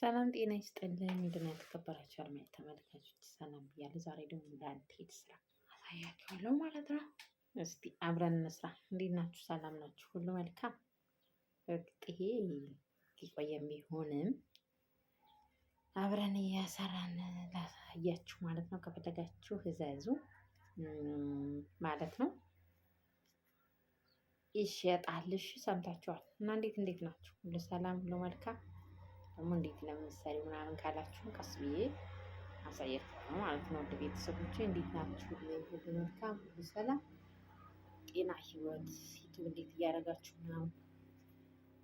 ሰላም ጤና ይስጥልን። ምንድን የተከበራችሁ አድማጭ ተመልካቾች ሰላም ብያለሁ። ዛሬ ደግሞ ለአንቴት ስራ አሳያችኋለሁ ማለት ነው። እስቲ አብረን እንስራ። እንዴት ናችሁ? ሰላም ናችሁ? ሁሉ መልካም። እርግጥ ይሄ ሊቆየም ቢሆንም አብረን እያሰራን ላሳያችሁ ማለት ነው። ከፈለጋችሁ እዘዙ ማለት ነው። ይሸጣልሽ ሰምታችኋል። እና እንዴት እንዴት ናችሁ? ሁሉ ሰላም፣ ሁሉ መልካም ደግሞ እንዴት ለምሳሌ ምናምን ካላችሁ ቀስ ብዬ አሳያችኋለሁ ማለት ነው። ወደ ቤተሰቦች እንዴት ናችሁ? ሁሉ መልካም፣ ሁሉ ሰላም፣ ጤና፣ ህይወት ዩቱብ እንዴት እያደረጋችሁ ነው?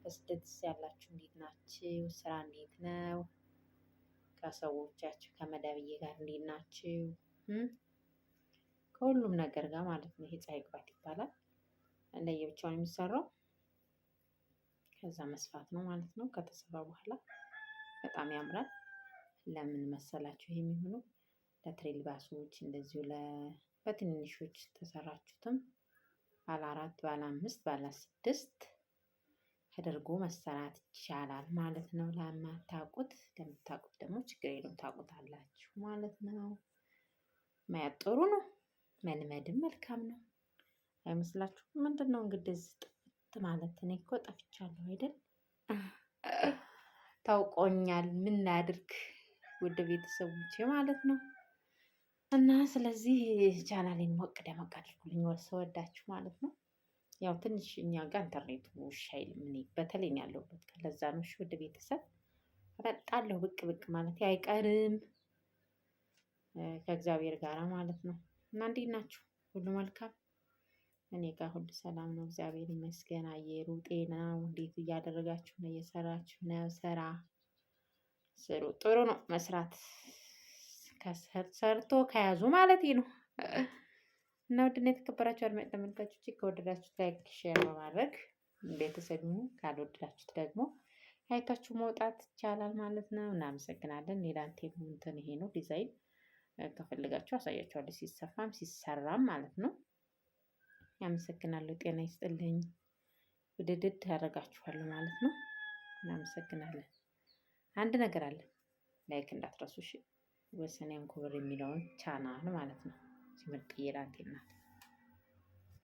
በስደት ያላችሁ እንዴት ናችሁ? ስራ እንዴት ነው? ከሰዎቻችሁ ከመዳብዬ ጋር እንዴት ናችሁ? ከሁሉም ነገር ጋር ማለት ነው። ይሄ ፀሐይ ቅባት ይባላል። እንደየብቻውን የሚሰራው ከዛ መስፋት ነው ማለት ነው። ከተሰራ በኋላ በጣም ያምራል። ለምን መሰላችሁ የሚሆኑ ለትሬል ባሶች እንደዚሁ በትንንሾች ተሰራችሁትም ባለ አራት ባለ አምስት ባለ ስድስት ተደርጎ መሰራት ይቻላል ማለት ነው። ለማታውቁት ለምታውቁት ደግሞ ችግር የለም ታውቁታላችሁ ማለት ነው። ማየት ጥሩ ነው፣ መልመድም መልካም ነው አይመስላችሁም? ምንድን ነው እንግዲህ ሁለት ማለት እኔ እኮ ጠፍቻለሁ አይደል? ታውቆኛል ምን ላድርግ ውድ ቤተሰቦቼ ማለት ነው። እና ስለዚህ ቻናሌን ሞቅ ደመቅ አድርጉልኝ ስወዳችሁ ማለት ነው። ያው ትንሽ እኛ ጋር ኢንተርኔቱ ውሻ አይልም። እኔ በተለይ ያለሁበት ከለዛ ነው። እሺ ውድ ቤተሰብ እመጣለሁ ብቅ ብቅ ማለት አይቀርም ከእግዚአብሔር ጋር ማለት ነው። እና እንዴት ናችሁ? ሁሉ መልካም እኔ ጋር ሁሉ ሰላም ነው፣ እግዚአብሔር ይመስገን። አየሩ፣ ጤናው እንዴት እያደረጋችሁ ነው? እየሰራችሁ ነው? ስራ ስሩ። ጥሩ ነው መስራት፣ ሰርቶ ከያዙ ማለት ነው። እና ውድና የተከበራችሁ አድማጭ ተመልካቾች ከወደዳችሁ ላይክ፣ ሼር በማድረግ ቤተሰብ ይሁኑ። ካልወደዳችሁት ደግሞ አይታችሁ መውጣት ይቻላል ማለት ነው። እናመሰግናለን። ዳንቴል እንትን ይሄ ነው ዲዛይን ከፈልጋችሁ አሳያችኋለሁ፣ ሲሰፋም ሲሰራም ማለት ነው። ያመሰግናለሁ። ጤና ይስጥልኝ። ውድድድ ያደርጋችኋለሁ ማለት ነው። እናመሰግናለን። አንድ ነገር አለ፣ ላይክ እንዳትረሱ እሺ። ወሰኔ አንኮበር የሚለውን ቻናል ማለት ነው። ትምህርት የራቴ ናት።